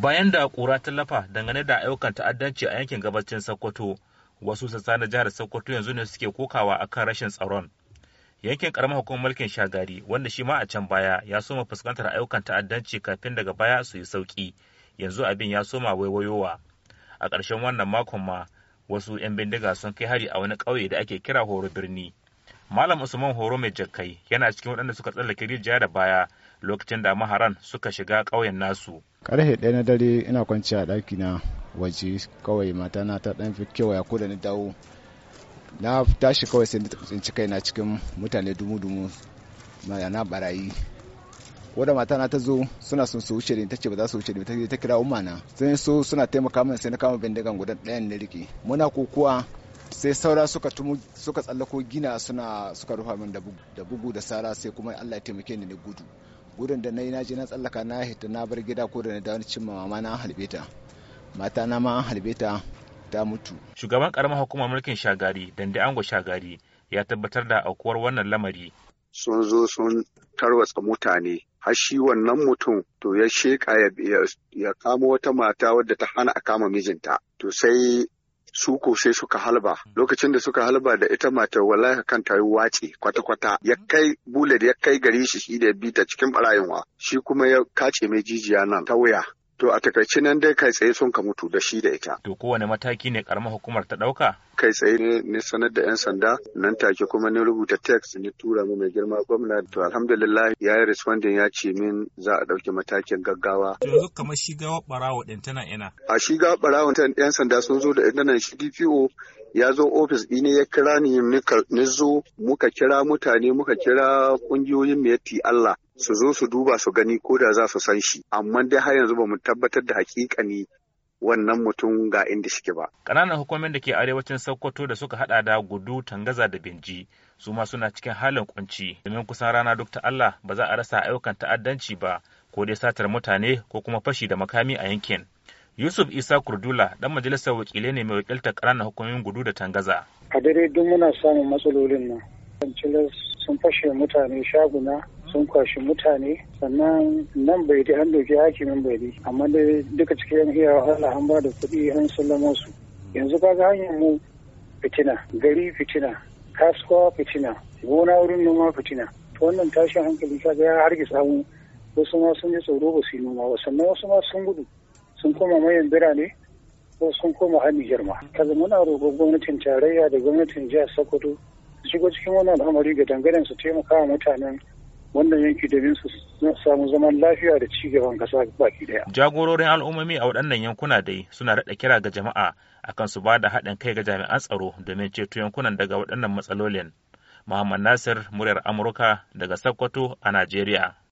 bayan da kura ta lafa dangane da ayyukan ta'addanci a yankin gabacin sokoto wasu sassa na jihar sokoto yanzu ne suke kokawa akan rashin tsaron yankin karamar hukumar mulkin shagari wanda shi ma a can baya ya soma fuskantar ayyukan ta'addanci kafin daga baya su yi sauki yanzu abin ya soma waiwayowa a ƙarshen wannan makon ma wasu 'yan bindiga sun kai hari a wani ƙauye da ake kira horo birni Malam Usman Horo mai jakkai yana cikin waɗanda suka tsallake rijiya da baya lokacin da maharan suka shiga ƙauyen nasu. Karfe ɗaya na dare ina kwanci a ɗaki na waje kawai mata na ta ɗan fi kewaya ko ni dawo. Na tashi kawai sai na tsinci kaina cikin mutane dumu-dumu na barayi. Wadda mata na ta zo suna son su wuce ta ce ba za su wuce ta kira umma na. Sun so suna taimaka min sai na kama bindigan gudan ɗayan na rike. Muna kokuwa sai saura suka tumu suka tsallako gina suna suka rufa min da bugu da sara sai kuma Allah ya taimake ni ne gudu gudun da na yi na tsallaka na hita na bar gida ko da na dawo cin mama na halbe ta mata na ma halbe ta ta mutu shugaban karamar hukumar mulkin shagari dande ango shagari ya tabbatar da aukuwar wannan lamari sun zo sun tarwatsa mutane har shi wannan mutum to ya sheka ya kama wata mata wadda ta hana a kama mijinta to sai su ko sai suka halba hmm. lokacin da suka halba da ita mata wallahi kan ta wace kwata-kwata ya kai bullet ya kai gari shi shi da ta cikin barayinwa. shi kuma ya kace mai jijiya nan ta wuya To a takaice nan dai kai tsaye sun ka mutu da shi da ita. To kowane mataki ne karamar hukumar ta ɗauka? Kai tsaye ne ni sanar da 'yan sanda nan take kuma ni rubuta text ni tura mu mai girma gwamna to alhamdulillah ya yi responding ya ce min za a ɗauki matakin gaggawa. To yanzu kamar shi gawa ɓarawo ɗin tana ina? A shi barawo ɓarawo 'yan sanda sun zo da ita nan shi DPO ya zo ofis ɗine ya kira ni ni zo muka kira mutane muka kira ƙungiyoyin mai Allah. su zo su duba su gani ko da za su san shi amma dai har yanzu ba mu tabbatar da hakikani wannan mutum ga inda shike ba. kananan hukumomin da ke arewacin Sokoto da suka hada da gudu, tangaza da binji su ma suna cikin halin kunci domin kusan rana duk ta Allah ba za a rasa ayyukan ta'addanci ba ko dai satar mutane ko kuma fashi da makami a yankin. Yusuf Isa Kurdula dan majalisar wakilai ne mai wakiltar ƙananan hukumomin gudu da tangaza. A dare duk muna samun matsalolin nan. sun fashe mutane shaguna sun kwashi mutane sannan nan bai da an doki hakimin bai amma dai duka cikin yan iya wahala an ba da kuɗi an sallama su yanzu kaga hanyar mu fitina gari fitina kasuwa fitina gona wurin noma fitina to wannan tashin hankali kaga ya hargitsa samu wasu ma sun yi tsoro ba su yi noma ba sannan wasu ma sun gudu sun koma mayan birane ko sun koma hannun Nijar ma. Kaza muna roƙon gwamnatin tarayya da gwamnatin jihar Sokoto shigo cikin wannan al'amari ga dangaren su taimaka wa mutanen wannan yanki domin su samu zaman lafiya da ci gaban kasa baki daya. Jagororin al'ummomi a waɗannan yankuna dai suna raɗa kira ga jama'a akan su ba da haɗin kai ga jami'an tsaro domin ceto yankunan daga waɗannan matsalolin. Muhammad Nasir, muryar Amurka daga Sokoto a Najeriya.